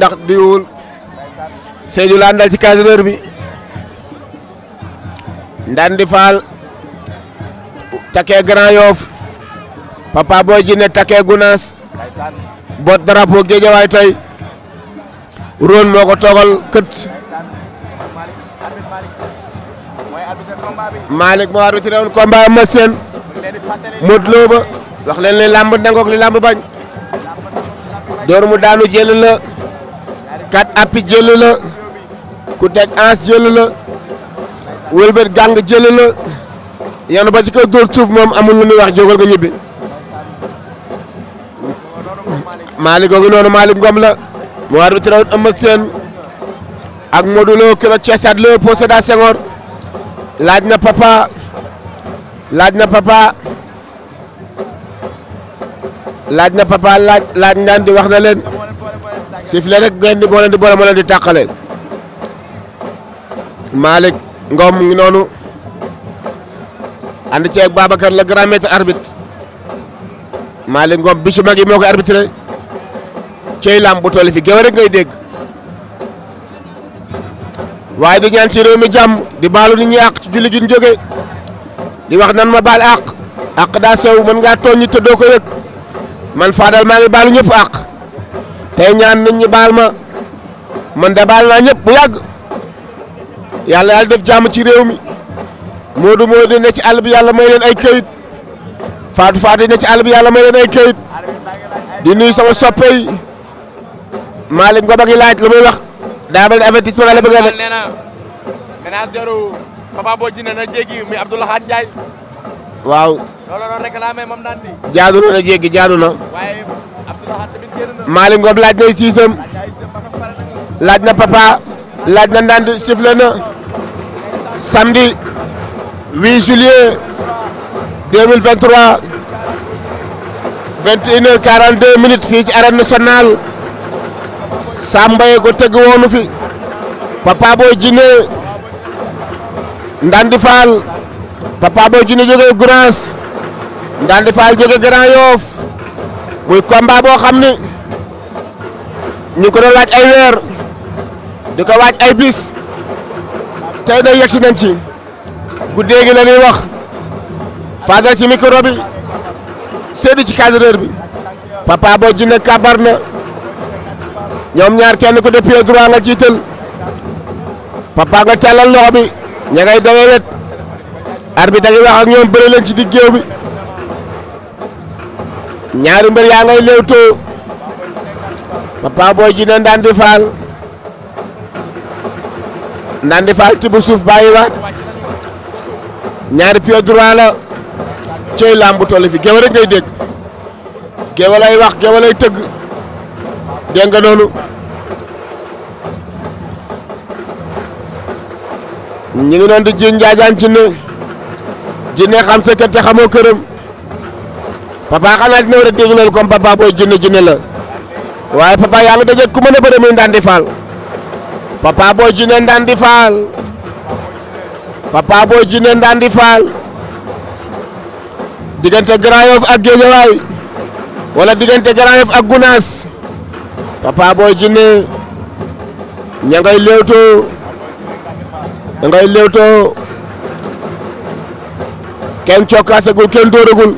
ndax diwul Seydou la àndal ci cadreur bi Ndandi Fall takkee Grand Yoff Papa Boy Djiné takkee Gunaas bot drapeau Guédiawaye tey Rone moo ko toogal kët Malick moo arbitré woon combat ma seen Modou Lo ba leen ne làmb nangook li làmb bañ door mu daanu jël kat appi jëli la ku teg ans jëli la wëlbët gàng jëli yanu ba ci ko suuf moom amul lu muy wax jógal nga ñibbi Malick googu noonu Malick Ngom la mu arbitre woon Eumeu Sène ak Modou kiro Thiès Léopold Sédar Senghor laaj na papa laaj na papa laaj na papa laaj laaj ndaan di wax na leen sifle rek ngeen di boo leen boole moo di tàqale Malick Ngom ngi noonu ànd ceeg Babacar le grand maître arbitre Malick Ngom bisu mag yi moo koy arbitré cey lam bu toll fi géwél rek ngay dégg waaye di ñaan ci réew mi jàmm di baalu nit ñi àq ci julli gi jóge di wax nan ma baal àq àq daa sew mën ngaa tooñ ñi te yëg man Fadal maa ngi baalu ñëpp àq tey ñaan nit ñi baal ma man de baal naa ñëpp bu yàgg yàlla def jàmm ci réew mi Modou Modou ne ci àll bi yàlla may leen ay këyit Fatou Fatou ne ci àll bi yàlla may leen ay këyit di nuyu sama soppe yi Malick Ngom ak laaj lu muy wax daa mel ne avertissement la bëgg a boo ci ne na jéggi mi Abdoulaye Ndiaye. waaw. loolu noonu rek laa may moom daan di. jaadu na. Malick Ngom laaj na siisam laaj na papa laaj na ndand sifflé na samedi 8 juillet 2023 21 heures 42 minutes fii ci arène nationale Sambaye ko tëgg woonu fi Papa Boy Djiné Ndandi Fall Papa Boy Djiné jógee Gounass Ndandi Fall jógee Grand Yoff muy combat boo xam ni ñu ko doon laaj ay weer di ko waaj ay bis tey day yegsi nañ ci guddee gi la ñuy wax Fadel ci micro bi Seydou ci cadreur bi Papa Boy Djiné kabar na ñoom ñaar kenn ku de pied droit nga jiital papa nga tàllal loxo bi ña ngay dawee wet arbitre da ngay ñoom bëri leen ci digg géew bi ñaari mbër yaa ngay léewtoo Papa Boy Djiné Ndandi Fall Ndandi Fall tibb suuf bàyyiwaat ñaari pied droit la cey làmb toll fi géwél ngay dégg géwél ay wax géwél ay tëgg dégg nga noonu ñu ngi doon di ji njaajaan ci ne Djiné xam sa te xamoo këram papa xanaa dina war a déglu loolu Papa Boy Djiné Djiné la. waaye papa yaa ngi daje ku mën a bëre muy Ndandi Fall papa booy jinne Ndandi papa booy jinne Ndandi diggante Grand Yoff ak Guédiawaye wala diggante Grand Yoff ak Gounass papa booy jinne ña ngay léewtoo ña ngay léewtoo kenn cokkaasagul kenn dóoragul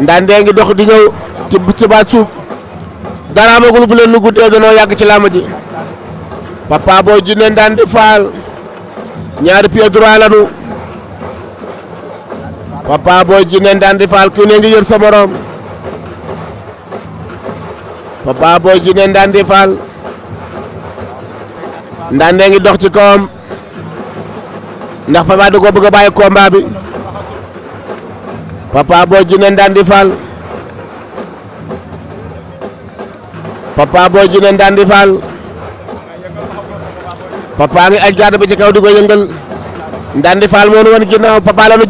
ndandee ngi dox di ñëw ci ci suuf. dara amagul bu leen nu guddee danoo yàgg ci làmb ji Papa Boy Djiné daan di faal ñaari Papa Boy Djiné daan ku ne ngi yër sa Papa Boy Djiné daan di ngi dox ci kawam ndax Papa da ko bëgg a bàyyi Papa Boy Djiné daan Papa Boy Djiné Ndandi Fall Papa ngi aj garde bi ci kaw di ko yëngal Ndandi Fall moo ñu wan ginnaaw Papa la ñu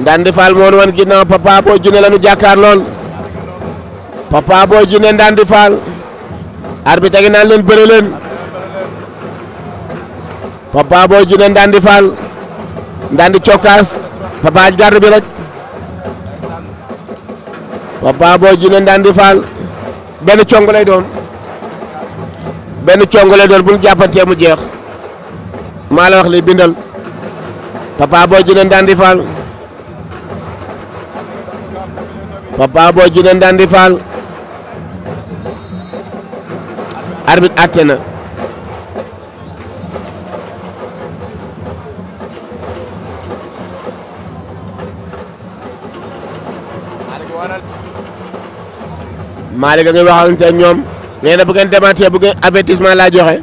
Ndandi Fall moo ñu wan ginnaaw Papa Boy Djiné la ñu jàkkaar lool Papa Boy Ndandi Fall arbitre gi naan leen bëre leen Papa Boy Djiné Ndandi Fall Ndandi cokkaas Papa aj garde bi rek Papa Boy Djiné Ndandi benn congo lay doon benn congo lay doon bu ñu mu jeex maa la wax li bindal Papa Boy Djiné Ndandi Fall Papa Boy Djiné Ndandi Fall na Malick a ngi waxante ñoom nee na bu ngeen demaatee bu ngeen laa joxe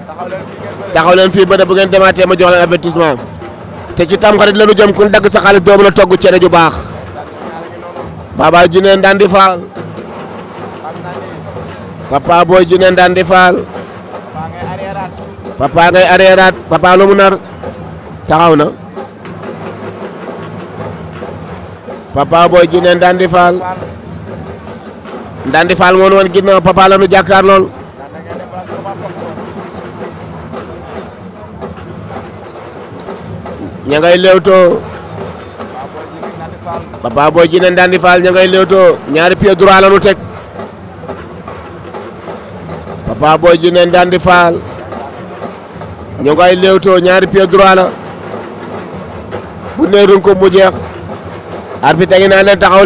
taxaw leen fii ba ne bu ngeen demaatee ma jox leen te ci tam xarit la ñu jëm ku dagg sa xaalis doo mën a togg cere ju baax Baba Djiné Ndandi Fall Papa Boy Djiné Ndandi Fall Papa ngay taxaw na Papa Boy Djiné Ndandi Fall moo ñu woon ginnaaw Papa la ñu jàkkaar lool ña Papa Boy Djiné Ndandi Fall ña ngay ñaari pied droit la ñu teg Papa Boy Djiné Ndandi Fall ñu ngay ñaari pied droit la bu neeruñ ko mu jeex arbitre ngi taxaw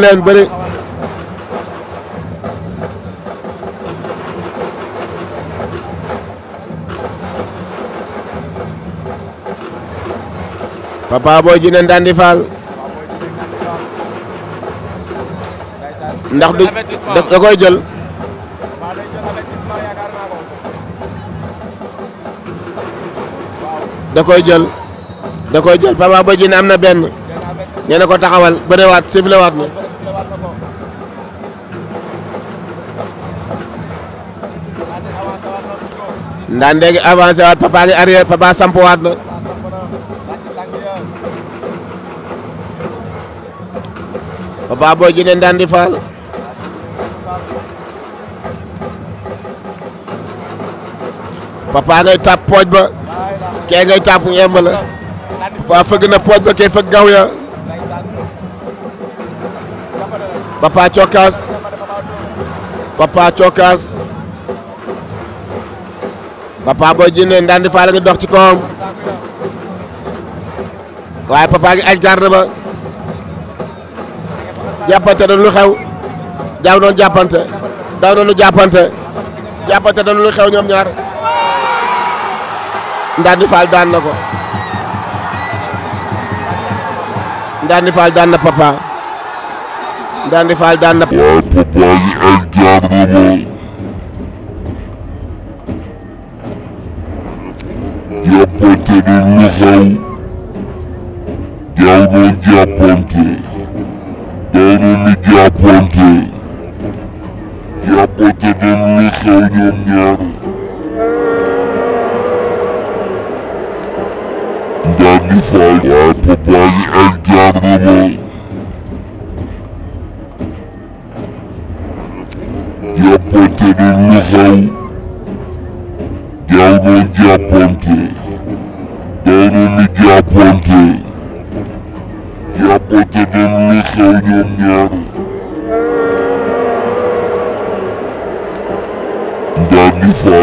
Papa Boy Djiné Ndandi Fall ndax du da koy jël da koy jël da koy jël Papa am na benn ñu ne ko taxawal bërewaat siflewaat na Ndande gi avancé waat papa gi arrière papa samp waat na. Papa Boy Djiné Ndandi Fall papa ngay tàpp pooj ba kee ngay tàpp yemb la papa fëgg na pooj ba kee fëgg gaw papa cokkaas papa cokkaas Papa Boy Djiné Ndandi Fall la ngi dox waaye papa gi aj garde ba jàppante dañu lu xew daaw jàppante daaw doon lu xew ñoom ñaar Ndandi Fall daan na ko Ndandi Fall daan na papa Ndandi Fall daan na. waaw papa yi ay jàmm la. jàppante dañu lu xew daaw doon jàppante. Bombardier yàppate nañ lu xew ñoom ñaar ndaan ni faay waaye Papa yi ay jaar na ma yàppate nañ lu xew jaaw noon jàppante daanu ni jàppante yàppate nañ lu xew ñoom ñaar you fall